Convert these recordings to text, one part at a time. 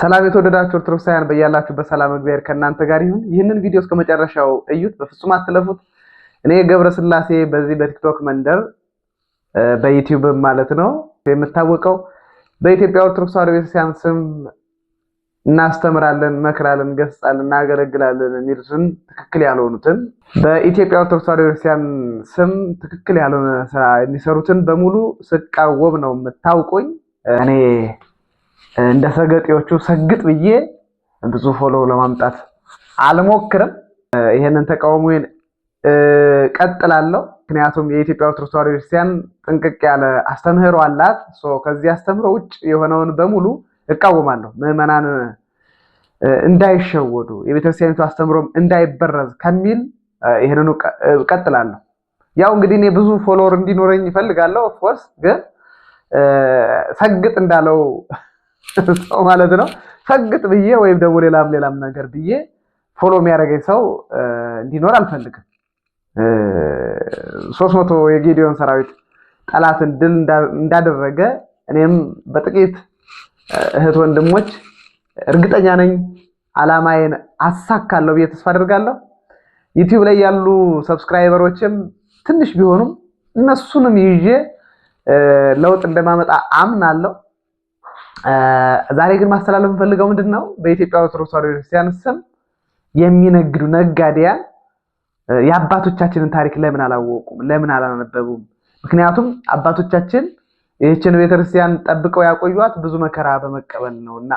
ሰላም የተወደዳችሁ ኦርቶዶክሳውያን በያላችሁበት ሰላም እግዚአብሔር ከእናንተ ጋር ይሁን። ይህንን ቪዲዮ እስከ መጨረሻው እዩት፣ በፍጹም አትለፉት። እኔ ገብረ ስላሴ በዚህ በቲክቶክ መንደር በዩቲዩብ ማለት ነው የምታወቀው በኢትዮጵያ ኦርቶዶክስ ተዋሕዶ ቤተክርስቲያን ስም እናስተምራለን፣ መክራለን፣ ገስጻለን፣ እናገለግላለን የሚሉትን ትክክል ያልሆኑትን በኢትዮጵያ ኦርቶዶክስ ተዋሕዶ ቤተክርስቲያን ስም ትክክል ያልሆነ ስራ የሚሰሩትን በሙሉ ስቃወም ነው የምታውቁኝ እኔ እንደ ሰገጤዎቹ ሰግጥ ብዬ ብዙ ፎሎ ለማምጣት አልሞክርም። ይሄንን ተቃውሞዬን ቀጥላለሁ። ምክንያቱም የኢትዮጵያ ኦርቶዶክስ ተዋሕዶ ቤተክርስቲያን ጥንቅቅ ያለ አስተምህሮ አላት። ከዚህ አስተምህሮ ውጭ የሆነውን በሙሉ እቃወማለሁ። ምዕመናን እንዳይሸወዱ የቤተክርስቲያኒቱ አስተምህሮም እንዳይበረዝ ከሚል ይህንኑ ቀጥላለሁ ያው እንግዲህ እኔ ብዙ ፎሎወር እንዲኖረኝ ይፈልጋለሁ። ኦፍኮርስ ግን ሰግጥ እንዳለው ሰው ማለት ነው። ፈግጥ ብዬ ወይም ደግሞ ሌላም ሌላም ነገር ብዬ ፎሎ የሚያደርገኝ ሰው እንዲኖር አልፈልግም። ሶስት መቶ የጌዲዮን ሰራዊት ጠላትን ድል እንዳደረገ እኔም በጥቂት እህት ወንድሞች እርግጠኛ ነኝ አላማዬን አሳካለሁ ብዬ ተስፋ አደርጋለሁ። ዩቲዩብ ላይ ያሉ ሰብስክራይበሮችም ትንሽ ቢሆኑም እነሱንም ይዤ ለውጥ እንደማመጣ አምናለሁ። ዛሬ ግን ማስተላለፍ የምፈልገው ምንድን ነው በኢትዮጵያ ኦርቶዶክስ ተዋሕዶ ቤተክርስቲያን ስም የሚነግዱ ነጋዴያን የአባቶቻችንን ታሪክ ለምን አላወቁም? ለምን አላነበቡም? ምክንያቱም አባቶቻችን ይህችን ቤተክርስቲያን ጠብቀው ያቆዩት ብዙ መከራ በመቀበል ነውና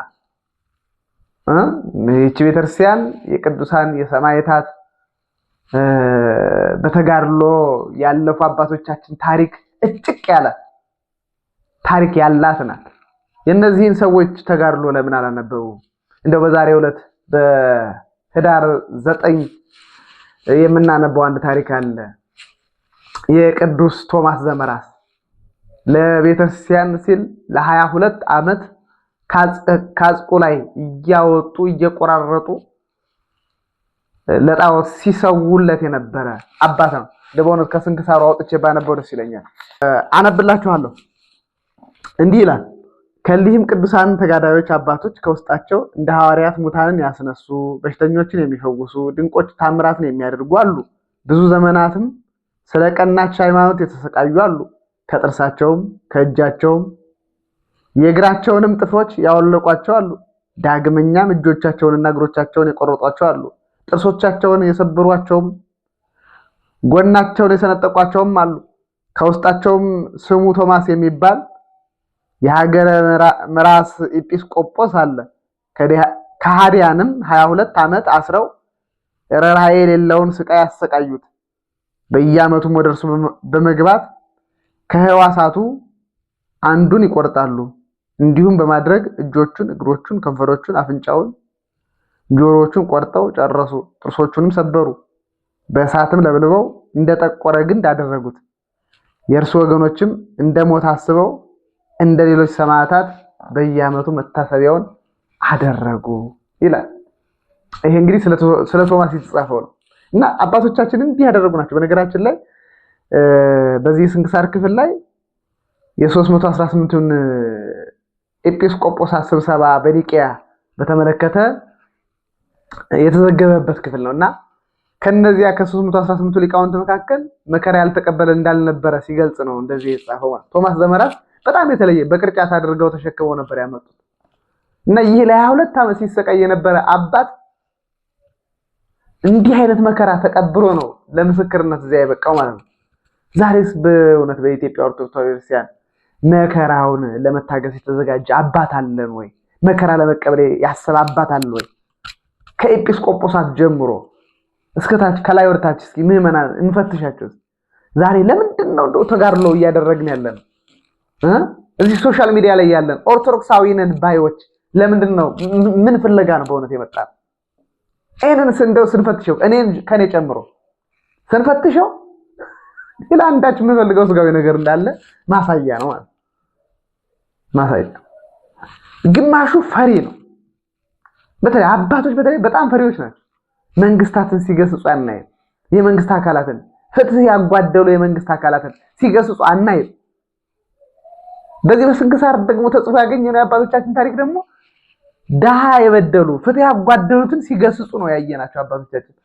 ይህች ቤተክርስቲያን የቅዱሳን የሰማዕታት በተጋድሎ ያለፉ አባቶቻችን ታሪክ እጭቅ ያለ ታሪክ ያላት ናት። የእነዚህን ሰዎች ተጋድሎ ለምን አላነበቡ? እንደው በዛሬው ዕለት በህዳር ዘጠኝ የምናነበው አንድ ታሪክ አለ። የቅዱስ ቶማስ ዘመራስ ለቤተክርስቲያን ሲል ለሀያ ሁለት ዓመት ካጽቁ ላይ እያወጡ እየቆራረጡ ለጣዖት ሲሰውለት የነበረ አባት ነው። በእውነት ከስንክሳሩ አውጥቼ ባነበው ደስ ይለኛል። አነብላችኋለሁ። እንዲህ ይላል ከእሊህም ቅዱሳን ተጋዳዮች አባቶች ከውስጣቸው እንደ ሐዋርያት ሙታንን ያስነሱ፣ በሽተኞችን የሚፈውሱ፣ ድንቆች ታምራትን የሚያደርጉ አሉ። ብዙ ዘመናትም ስለ ቀናች ሃይማኖት የተሰቃዩ አሉ። ከጥርሳቸውም ከእጃቸውም የእግራቸውንም ጥፍሮች ያወለቋቸው አሉ። ዳግመኛም እጆቻቸውንና እግሮቻቸውን የቆረጧቸው አሉ። ጥርሶቻቸውን የሰበሯቸውም ጎናቸውን የሰነጠቋቸውም አሉ። ከውስጣቸውም ስሙ ቶማስ የሚባል የሀገረ ምራስ ኤጲስቆጶስ አለ። ከሃዲያንም 22 ዓመት አስረው ርኅራኄ የሌለውን ስቃይ አሰቃዩት። በየዓመቱም ወደ እርሱ በመግባት ከህዋሳቱ አንዱን ይቆርጣሉ። እንዲሁም በማድረግ እጆቹን፣ እግሮቹን፣ ከንፈሮቹን፣ አፍንጫውን፣ ጆሮዎቹን ቆርጠው ጨረሱ። ጥርሶቹንም ሰበሩ። በእሳትም ለብልበው እንደጠቆረ ግንድ አደረጉት። የእርሱ ወገኖችም እንደ ሞት አስበው እንደ ሌሎች ሰማዕታት በየዓመቱ መታሰቢያውን አደረጉ ይላል። ይሄ እንግዲህ ስለ ቶማስ የተጻፈው ነው እና አባቶቻችን እንዲህ ያደረጉ ናቸው። በነገራችን ላይ በዚህ የስንክሳር ክፍል ላይ የ318ቱን ኤጲስቆጶሳት ስብሰባ በኒቅያ በተመለከተ የተዘገበበት ክፍል ነው እና ከነዚያ ከ318ቱ ሊቃውንት መካከል መከራ ያልተቀበለ እንዳልነበረ ሲገልጽ ነው እንደዚህ የተጻፈው። ቶማስ ዘመራት በጣም የተለየ በቅርጫት አድርገው ተሸክመው ነበር ያመጡት እና ይህ ለሀያ ሁለት ዓመት ሲሰቃይ የነበረ አባት እንዲህ አይነት መከራ ተቀብሎ ነው ለምስክርነት እዚያ የበቃው ማለት ነው። ዛሬስ በእውነት በኢትዮጵያ ኦርቶዶክስ ተዋሕዶ ክርስቲያን መከራውን ለመታገስ የተዘጋጀ አባት አለን ወይ? መከራ ለመቀበል ያሰበ አባት አለን ወይ? ከኤጲስቆጶሳት ጀምሮ እስከታች ከላይ ወርታች እስኪ ምዕመናን እንፈትሻቸው። ዛሬ ለምንድን ነው እንደው ተጋድሎ እያደረግን ያለ ነው? እዚህ ሶሻል ሚዲያ ላይ ያለን ኦርቶዶክሳዊንን ባዮች ለምንድን ነው ምን ፍለጋ ነው በእውነት የመጣ ነው? ይህንን እንደው ስንፈትሸው እኔን ከኔ ጨምሮ ስንፈትሸው ሌላ አንዳች የምንፈልገው ስጋዊ ነገር እንዳለ ማሳያ ነው ማለት ማሳያ። ግማሹ ፈሪ ነው። በተለይ አባቶች በተለይ በጣም ፈሪዎች ናቸው። መንግስታትን ሲገስጹ አናይም። የመንግስት አካላትን ፍትህ ያጓደሉ የመንግስት አካላትን ሲገስጹ አናይም። በዚህ ስንክሳር ደግሞ ተጽፎ ነው። የአባቶቻችን ታሪክ ደግሞ ድሃ የበደሉ ፍትህ ያጓደሉትን ሲገስጹ ነው ያየናቸው አባቶቻችን።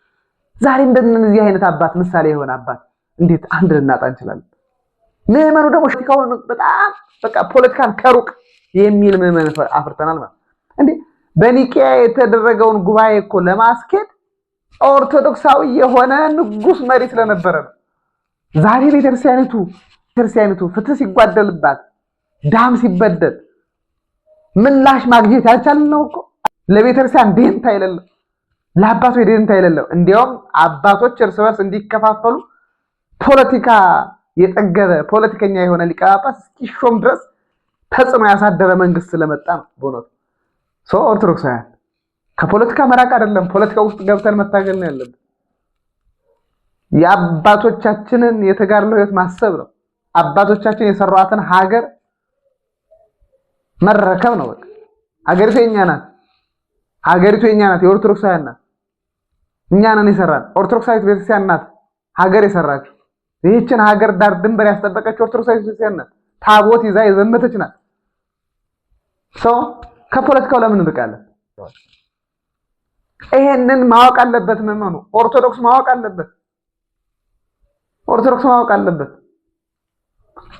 ዛሬ እንደነዚህ አይነት አባት ምሳሌ የሆነ አባት እንዴት አንድ ልናጣ እንችላለን? ምዕመኑ ደግሞ ከሆነ በጣም በቃ ፖለቲካን ከሩቅ የሚል ምዕመን አፍርተናል ማለት እንዴ። በኒቅያ የተደረገውን ጉባኤ እኮ ለማስኬድ ኦርቶዶክሳዊ የሆነ ንጉስ መሪ ስለነበረ ነው። ዛሬ ቤተክርስቲያኒቱ ቤተክርስቲያኒቱ ፍትህ ሲጓደልባት ዳም ሲበደል ምላሽ ማግኘት ያልቻለ ነው እኮ ለቤተክርስቲያን ደንታ የሌለው ለአባቶች ደንታ የሌለው እንዲያውም አባቶች እርስ በርስ እንዲከፋፈሉ ፖለቲካ የጠገበ ፖለቲከኛ የሆነ ሊቀ ጳጳስ እስኪሾም ድረስ ተጽዕኖ ያሳደረ መንግስት ስለመጣ ነው። በእውነቱ ሰው ኦርቶዶክሳውያን ከፖለቲካ መራቅ አይደለም፣ ፖለቲካ ውስጥ ገብተን መታገል ነው ያለብን። የአባቶቻችንን የተጋድሎ ህይወት ማሰብ ነው። አባቶቻችን የሰሯትን ሀገር መረከብ ነው። በቃ አገሪቱ የኛ ናት። አገሪቱ የኛ ናት። የኦርቶዶክሳውያን ናት። እኛ ነን የሰራን። ኦርቶዶክሳዊት ቤተክርስቲያን ናት ሀገር የሰራችው። ይህችን ሀገር ዳር ድንበር ያስጠበቀችው ኦርቶዶክሳዊት ቤተክርስቲያን ናት። ታቦት ይዛ የዘመተች ናት። ሰው ከፖለቲካው ለምን እንርቃለን? ይሄንን ማወቅ አለበት። ምዕመኑ ኦርቶዶክስ ማወቅ አለበት። ኦርቶዶክስ ማወቅ አለበት።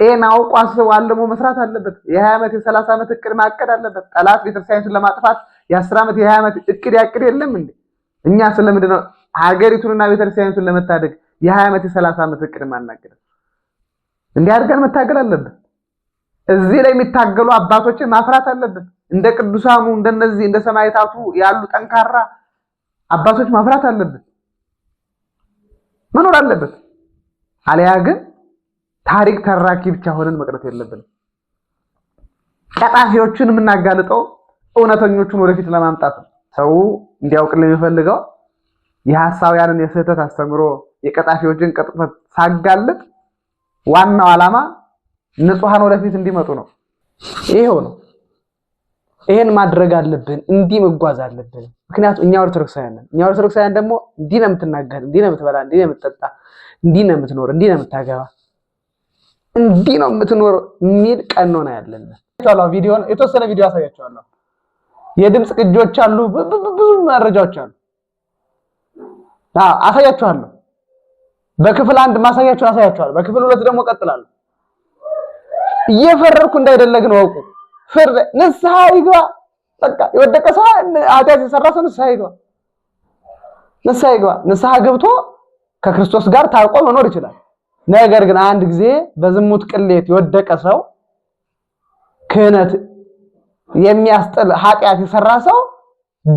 ይሄን አውቆ አስቦ አልሞ መስራት አለበት። የ20 ዓመት የ30 ዓመት እቅድ ማቀድ አለበት። ጠላት ቤተክርስቲያኒቱን ለማጥፋት የ10 ዓመት የ20 ዓመት እቅድ ያቅድ የለም እንዴ? እኛ ስለምንድን ነው ሀገሪቱንና ቤተክርስቲያኒቱን ለመታደግ የ20 ዓመት የ30 ዓመት እቅድ ማናገር? እንዲህ አድርገን መታገል አለብን። እዚህ ላይ የሚታገሉ አባቶችን ማፍራት አለብን። እንደ ቅዱሳኑ እንደነዚህ እንደ ሰማዕታቱ ያሉ ጠንካራ አባቶች ማፍራት አለብን፣ መኖር አለበት። አለያ ግን ታሪክ ተራኪ ብቻ ሆነን መቅረት የለብንም። ቀጣፊዎቹን የምናጋልጠው እውነተኞቹን ወደፊት ለማምጣት ሰው እንዲያውቅልን የሚፈልገው የሐሳውያንን የስህተት አስተምሮ የቀጣፊዎችን ቅጥፈት ሳጋልጥ ዋናው ዓላማ ንጹሐን ወደፊት እንዲመጡ ነው። ይሄው ነው። ይሄን ማድረግ አለብን። እንዲህ መጓዝ አለብን። ምክንያቱም እኛ ኦርቶዶክሳውያን ነን። እኛ ኦርቶዶክሳውያን ደግሞ እንዲህ ነው የምትናገር፣ እንዲህ ነው የምትበላ፣ እንዲህ ነው የምትጠጣ፣ እንዲህ ነው የምትኖር፣ እንዲህ ነው የምታገባ እንዲህ ነው የምትኖር የሚል ቀኖና ያለን። ቪዲዮን የተወሰነ ቪዲዮ አሳያቸዋለሁ። የድምፅ ቅጆች አሉ፣ ብዙ መረጃዎች አሉ። አሳያችኋለሁ። በክፍል አንድ ማሳያችሁን አሳያችኋለሁ። በክፍል ሁለት ደግሞ ቀጥላለሁ። እየፈረርኩ እንዳይደለ ግን ወቁ። ፍር ንስሐ ይግባ። በቃ የወደቀ ሰው ኃጢአት የሰራ ሰው ንስሐ ይግባ። ንስሐ ይግባ። ንስሐ ገብቶ ከክርስቶስ ጋር ታርቆ መኖር ይችላል። ነገር ግን አንድ ጊዜ በዝሙት ቅሌት የወደቀ ሰው ክህነት የሚያስጥል ኃጢአት የሰራ ሰው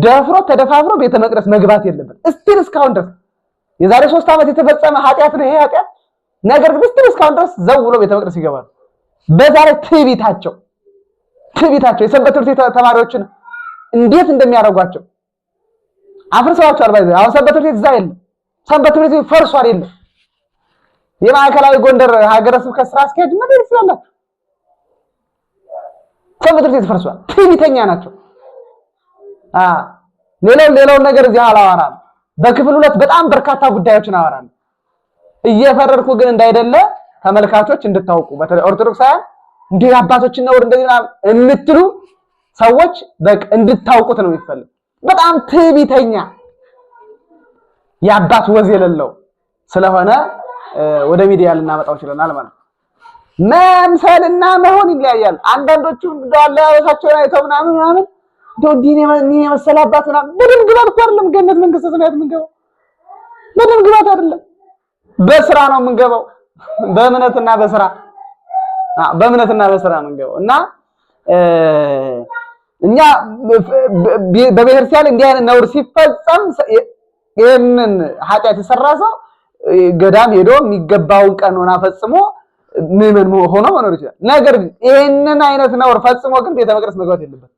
ደፍሮ ተደፋፍሮ ቤተ መቅደስ መግባት የለበት። እስቲል እስካሁን ድረስ የዛሬ ሶስት ዓመት የተፈጸመ ኃጢአት ነው ይሄ ኃጢአት። ነገር ግን እስቲል እስካሁን ድረስ ዘው ብሎ ቤተ መቅደስ ይገባሉ። በዛሬ ትዕቢታቸው ትዕቢታቸው የሰንበት ትምህርት ተማሪዎችን እንዴት እንደሚያደርጓቸው አፍርሰዋቸዋል። ባይዘ አሁን ሰንበት ትምህርት እዛ የለም። ሰንበት ትምህርት ፈርሷል የለም የማዕከላዊ ጎንደር ሀገረ ስብከት ስራ አስኪያጅ መደር ስላላቸው ከምድር ቤት ፈርሷል። ትዕቢተኛ ናቸው። ሌላው ሌላውን ነገር እዚህ አላወራም። በክፍል ሁለት በጣም በርካታ ጉዳዮችን አወራለሁ። እየፈረርኩ ግን እንዳይደለ ተመልካቾች እንድታውቁ፣ በተለይ ኦርቶዶክሳውያን እንዲህ አባቶችን ነውር እንደዚህ የምትሉ ሰዎች በቃ እንድታውቁት ነው የሚፈልግ። በጣም ትዕቢተኛ የአባት ወዝ የሌለው ስለሆነ ወደ ሚዲያ ልናመጣው ችለናል ማለት ነው። መምሰልና መሆን ይለያያል። አንዳንዶቹ እንደው አለባበሳቸውን አይተው ምናምን ምናምን እንደው እንዲህ የመሰለ አባት ምናምን በደም ግባት እኮ አይደለም ገነት መንግስተ ሰማያት የምንገባው በደም ግባት አይደለም፣ በስራ ነው የምንገባው። በእምነትና በስራ በእምነትና በስራ የምንገባው እና እኛ በቤተክርስቲያን እንዲህ አይነት ነውር ሲፈጸም ይህንን ኃጢአት የሰራ ሰው ገዳም ሄዶ የሚገባውን ቀኖና ፈጽሞ ምዕመን ሆኖ መኖር ይችላል። ነገር ግን ይህንን አይነት ነውር ፈጽሞ ግን ቤተ መቅደስ መግባት የለበት።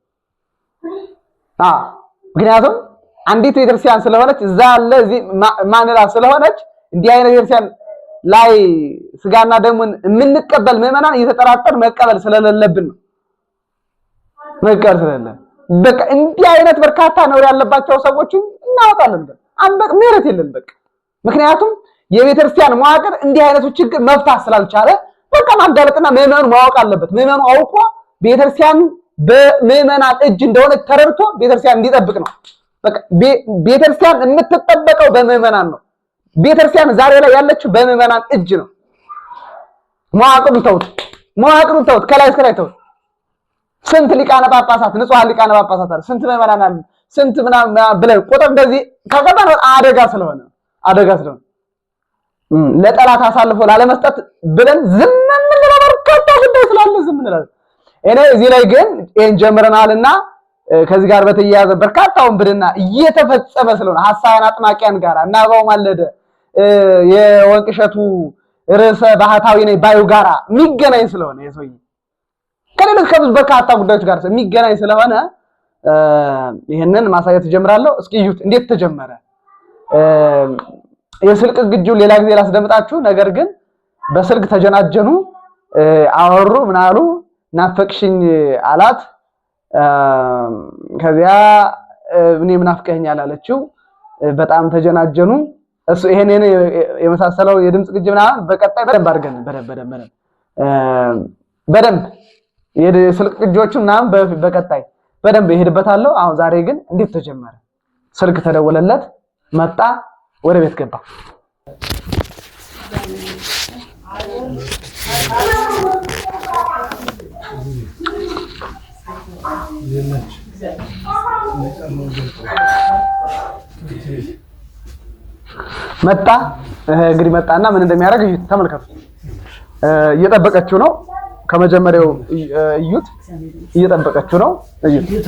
ምክንያቱም አንዲት ቤተክርስቲያን ስለሆነች እዛ ያለ እዚህ ማንላ ስለሆነች እንዲህ አይነት ቤተክርስቲያን ላይ ስጋና ደሙን የምንቀበል ምዕመናን እየተጠራጠር መቀበል ስለሌለብን ነው። መቀበል ስለሌለ በቃ እንዲህ አይነት በርካታ ነውር ያለባቸው ሰዎችን እናወጣለን። አንበቅ ምህረት የለን በቃ ምክንያቱም የቤተክርስቲያን መዋቅር እንዲህ አይነቱ ችግር መፍታት ስላልቻለ በቃ ማጋለጥና ምዕመኑ ማወቅ አለበት። ምዕመኑ አውቆ ቤተክርስቲያን በምዕመናን እጅ እንደሆነ ተረድቶ ቤተክርስቲያን እንዲጠብቅ ነው። ቤተክርስቲያን የምትጠበቀው በምዕመናን ነው። ቤተክርስቲያን ዛሬ ላይ ያለችው በምዕመናን እጅ ነው። መዋቅሩን ተውት፣ መዋቅሩን ተውት፣ ከላይ እስከ ላይ ተውት። ስንት ሊቃነ ጳጳሳት ንጹሐን ሊቃነ ጳጳሳት አለ፣ ስንት ምዕመናን አለ፣ ስንት ምናምን ብለን ቁጥር እንደዚህ ከቀጠን አደጋ ስለሆነ አደጋ ስለሆነ ለጠላት አሳልፎ ላለመስጠት ብለን ዝም የምንለው በርካታ ጉዳይ ስላለ ዝም እንላለን። እኔ እዚህ ላይ ግን ይሄን ጀምረናልና ከዚህ ጋር በተያያዘ በርካታ ወንብድና እየተፈጸመ ስለሆነ ሐሳያን አጥማቂያን ጋር እናባው ማለደ የወንቅሸቱ ርዕሰ ባህታዊ ነኝ ባዩ ጋራ የሚገናኝ ስለሆነ የሰው ከሌሎች ከብዙ በርካታ ጉዳዮች ጋር የሚገናኝ ስለሆነ ይህንን ማሳየት እጀምራለሁ። እስኪ እዩት እንዴት ተጀመረ። የስልቅ ግጁ ሌላ ጊዜ ላስደምጣችሁ። ነገር ግን በስልክ ተጀናጀኑ፣ አወሩ፣ ምናሉ ናፈቅሽኝ አላት። ከዚያ እኔ ምናፍቀኸኛል አለችው። በጣም ተጀናጀኑ። እሱ ይሄን የመሳሰለው የድምፅ ግጅ ምናምን በቀጣይ በደንብ አድርገን በደንብ በደንብ በደንብ የስልክ ግጆቹ ምናምን በቀጣይ በደንብ ይሄድበታለሁ። አሁን ዛሬ ግን እንዴት ተጀመረ? ስልክ ተደወለለት መጣ። ወደ ቤት ገባ። መጣ እንግዲህ መጣና ምን እንደሚያደርግ እዩት፣ ተመልከቱ። እየጠበቀችው ነው። ከመጀመሪያው እዩት፣ እየጠበቀችው ነው። እዩት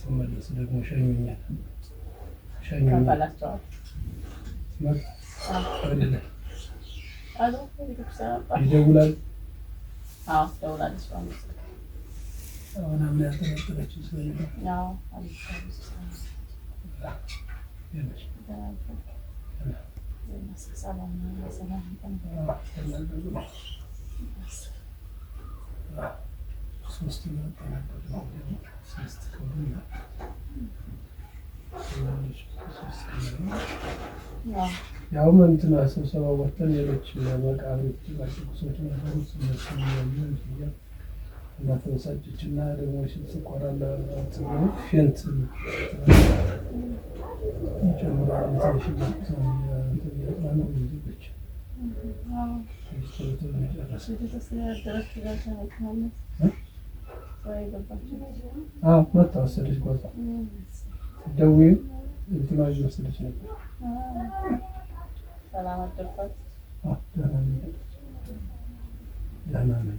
ሲመለሱ ደግሞ ሸኙኛል ሸኙኛል ይደውላል አሁን አምና ያልተመጠለችው ስለሚለው ያውም እንትና ስብሰባ ወጥተን ሌሎች መቃብር የተጨቃጨቁ ሰዎች ነበሩ። እንዳተበሳጨች እና ደግሞ ሽንት ቆራላ ፌንት መታ ወሰደች ጓዛ ደዌም እንትና ወሰደች ነበር። ደህና ነኝ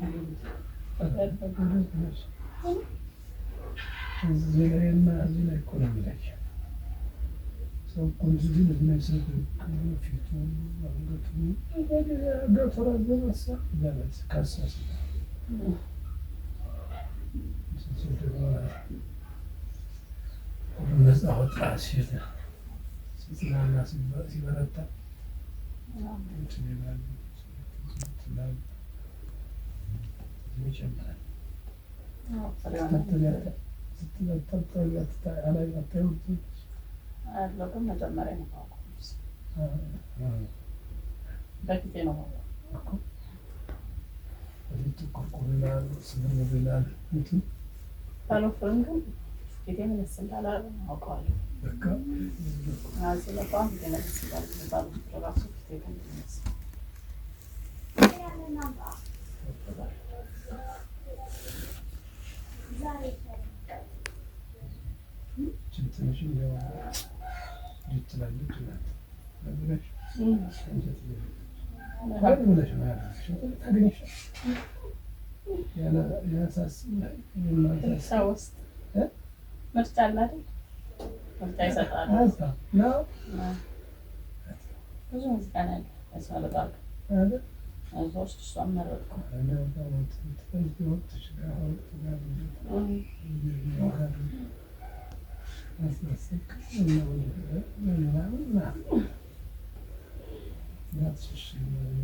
እዚህ ሰው እኮ እንዲህ የሚያስብ ፊቱ፣ አንገቱ ገቱ ረዘመሳ ነፃ ወጣ ሲል ሲጽናና ሲበረታ ትላሉ መጀመሪያ ስትከታተል ላይ አታዩት አለው ግን መጀመሪያ ነው በፊቴ ነው ቁርቁርላል ስምርብላል ባለፈም ግን ፊቴ ምንስ እንዳለ አውቀዋለሁ። ስለፋም ገነስ ባለ ራሱ ፊቴ ግን ምርጫ ብዙ ሙዚቃ ነው ያለው ዛት ሽሽ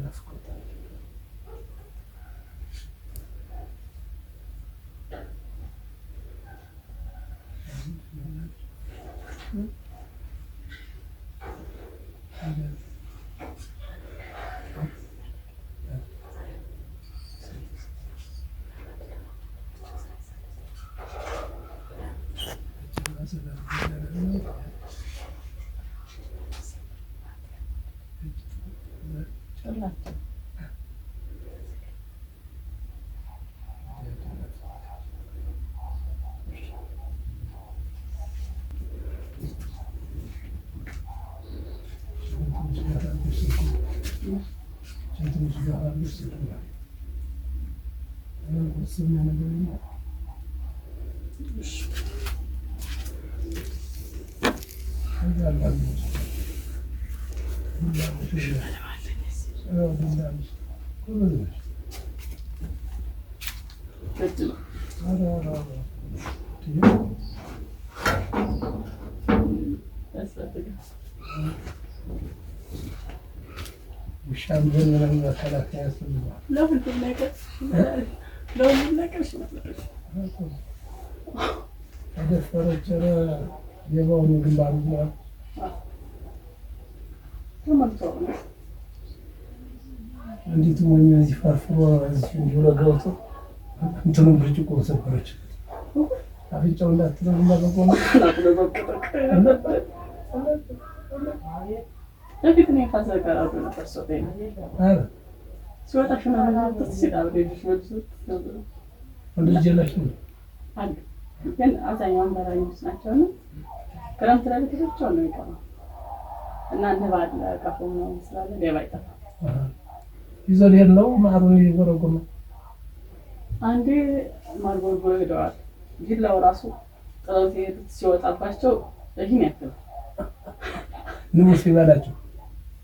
ናፍቆታል Çantamı suya almış diyorlar. Öyle olsun yani böyle. Şükür. Hadi Allah'ım. ግን ምንም መከላከያ ለሁሉም ነገር ለሁሉም ነገር የበውኑ ግንባሩ እንዲት ሞኛ እዚህ ፈርፍሮ እዚሁ ብሎ ገብቶ እንትኑ ብርጭቆ ሰበረች። አፍንጫው እንዳትለው በፊት ነው የፋዘር ጋር አብሮ ነበር ሲወጣ ሲወጣ ሽማግሌ ሲጣ ግን አብዛኛውን በራኞች ናቸው ክረምት ላይ ብቻቸውን ነው የሚቀረው እና ንባል ቀፎ ምናምን ስላለ ሌባ አይጠፋም። ይዘው ሌለው ማሩን ይጎረጉር ነው። አንዴ ማርጎርጎር ሄደዋል። ጊላው ራሱ ጥለው ሲወጣባቸው ይህን ያክል ንጉስ ይበላቸው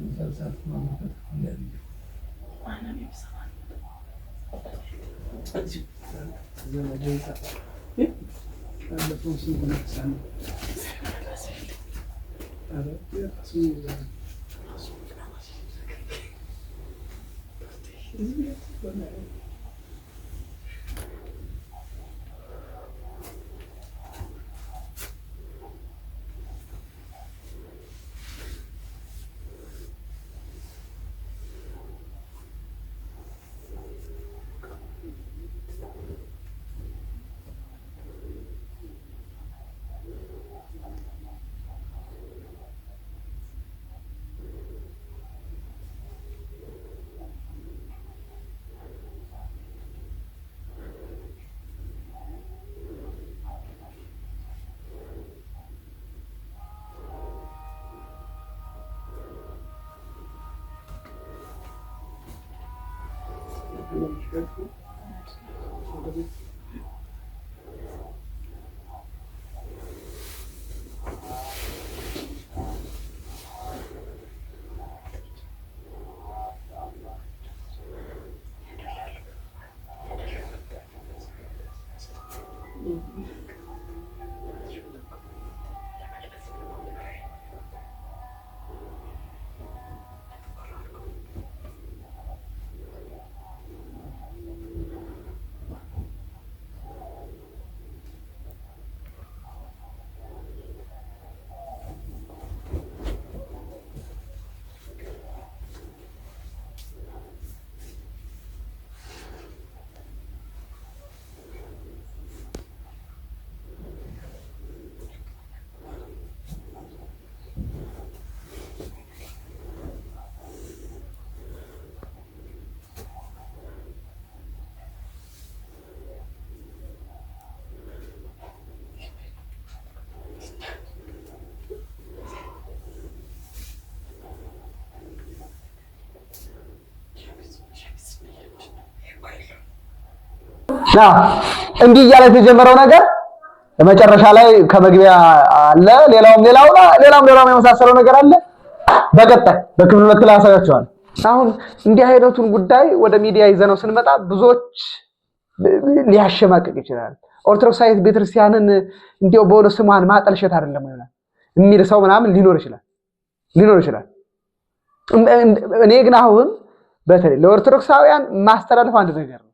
مسلسل ما ممكن تكون لعبية ما أنا مي بصغان زين جيتا أنا بتوصل من السماء أنا بدي أحصل من السماء أحصل من السماء 嗯。ና እንዲህ እያለ የተጀመረው ነገር መጨረሻ ላይ ከመግቢያ አለ፣ ሌላውም ሌላውም ሌላውም ሌላውም የመሳሰለው ነገር አለ። በቀጣይ በክፍል ሁለት ላይ አሳያቸዋል። አሁን እንዲህ አይነቱን ጉዳይ ወደ ሚዲያ ይዘነው ስንመጣ ብዙዎች ሊያሸማቅቅ ይችላል። ኦርቶዶክሳዊት ቤተክርስቲያንን እንዲው በሆነ ስሟን ማጠልሸት አይደለም ይሆናል የሚል ሰው ምናምን ሊኖር ይችላል ሊኖር ይችላል። እኔ ግን አሁን በተለይ ለኦርቶዶክሳውያን ማስተላለፍ አንድ ነገር ነው።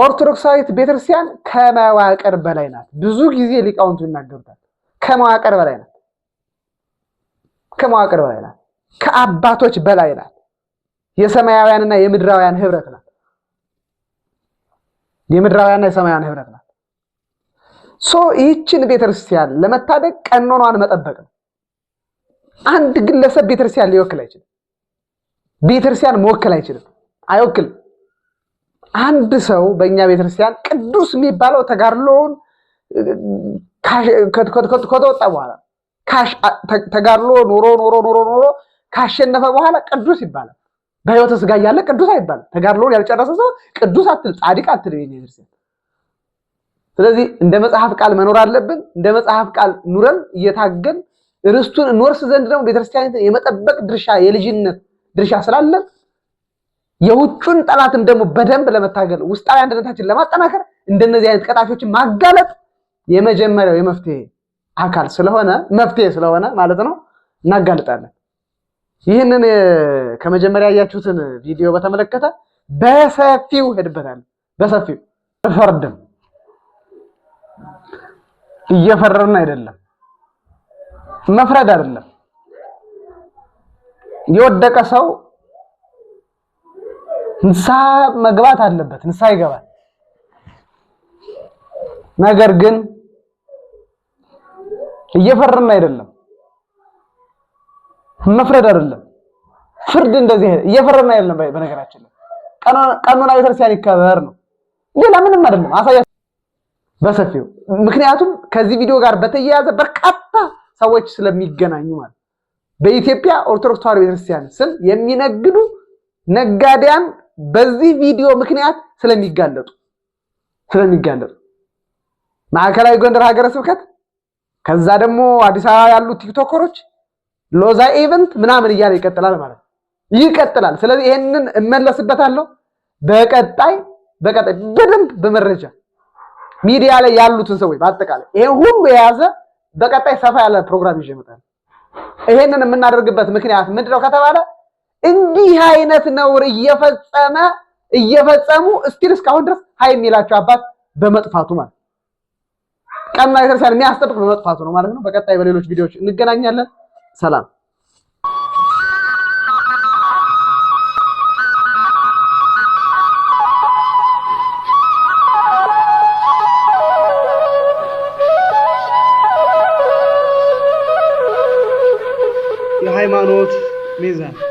ኦርቶዶክሳዊት ቤተክርስቲያን ከመዋቅር በላይ ናት። ብዙ ጊዜ ሊቃውንቱ ይናገሩታል። ከመዋቅር በላይ ናት። ከመዋቅር በላይ ናት። ከአባቶች በላይ ናት። የሰማያውያንና የምድራውያን ህብረት ናት። የምድራውያንና የሰማያውያን ህብረት ናት። ሶ ይህችን ቤተክርስቲያን ለመታደግ ቀኖኗን መጠበቅ ነው። አንድ ግለሰብ ቤተክርስቲያን ሊወክል አይችልም። ቤተክርስቲያን መወክል አይችልም፣ አይወክልም። አንድ ሰው በእኛ ቤተክርስቲያን ቅዱስ የሚባለው ተጋድሎውን ከተወጣ በኋላ ተጋድሎ ኖሮ ኖሮ ኖሮ ኖሮ ካሸነፈ በኋላ ቅዱስ ይባላል። በሕይወተ ስጋ እያለ ቅዱስ አይባልም። ተጋድሎውን ያልጨረሰ ሰው ቅዱስ አትል፣ ጻድቅ አትል ቤተክርስቲያን። ስለዚህ እንደ መጽሐፍ ቃል መኖር አለብን። እንደ መጽሐፍ ቃል ኑረን እየታገን ርስቱን እንወርስ ዘንድ ደግሞ ቤተክርስቲያን የመጠበቅ ድርሻ የልጅነት ድርሻ ስላለን የውጩን ጠላትም ደግሞ በደንብ ለመታገል ውስጣዊ አንድነታችን ለማጠናከር እንደነዚህ አይነት ቀጣፊዎችን ማጋለጥ የመጀመሪያው የመፍትሄ አካል ስለሆነ መፍትሄ ስለሆነ ማለት ነው፣ እናጋልጣለን። ይህንን ከመጀመሪያ ያያችሁትን ቪዲዮ በተመለከተ በሰፊው ሄድበታል። በሰፊው ፈርድም እየፈረርን አይደለም፣ መፍረድ አይደለም የወደቀ ሰው ንስሐ መግባት አለበት። ንስሐ ይገባል። ነገር ግን እየፈረም አይደለም። መፍረድ አይደለም ፍርድ እንደዚህ እየፈረም አይደለም። በነገራችን ላይ ቀኖና ቤተክርስቲያን ይከበር ነው፣ ሌላ ምንም አይደለም። አሳያ በሰፊው ምክንያቱም ከዚህ ቪዲዮ ጋር በተያያዘ በርካታ ሰዎች ስለሚገናኙ ማለት በኢትዮጵያ ኦርቶዶክስ ተዋሕዶ ቤተክርስቲያን ስም የሚነግዱ ነጋዴያን በዚህ ቪዲዮ ምክንያት ስለሚጋለጡ ስለሚጋለጡ ማዕከላዊ ጎንደር ሀገረ ስብከት ከዛ ደግሞ አዲስ አበባ ያሉት ቲክቶከሮች ሎዛ ኢቨንት ምናምን እያለ ይቀጥላል ማለት ነው። ይቀጥላል። ስለዚህ ይሄንን እመለስበታለሁ በቀጣይ በቀጣይ በደንብ በመረጃ ሚዲያ ላይ ያሉትን ሰዎች በአጠቃላይ ይሄን ሁሉ የያዘ በቀጣይ ሰፋ ያለ ፕሮግራም ይዤ እመጣለሁ። ይሄንን የምናደርግበት ምክንያት ምንድነው ከተባለ እንዲህ አይነት ነውር እየፈጸመ እየፈጸሙ እስቲል እስካሁን ድረስ ሀይ የሚላቸው አባት በመጥፋቱ ማለት ቀና ቤተክርስቲያን የሚያስጠብቅ በመጥፋቱ ነው ማለት ነው። በቀጣይ በሌሎች ቪዲዮዎች እንገናኛለን። ሰላም የሃይማኖት ሚዛን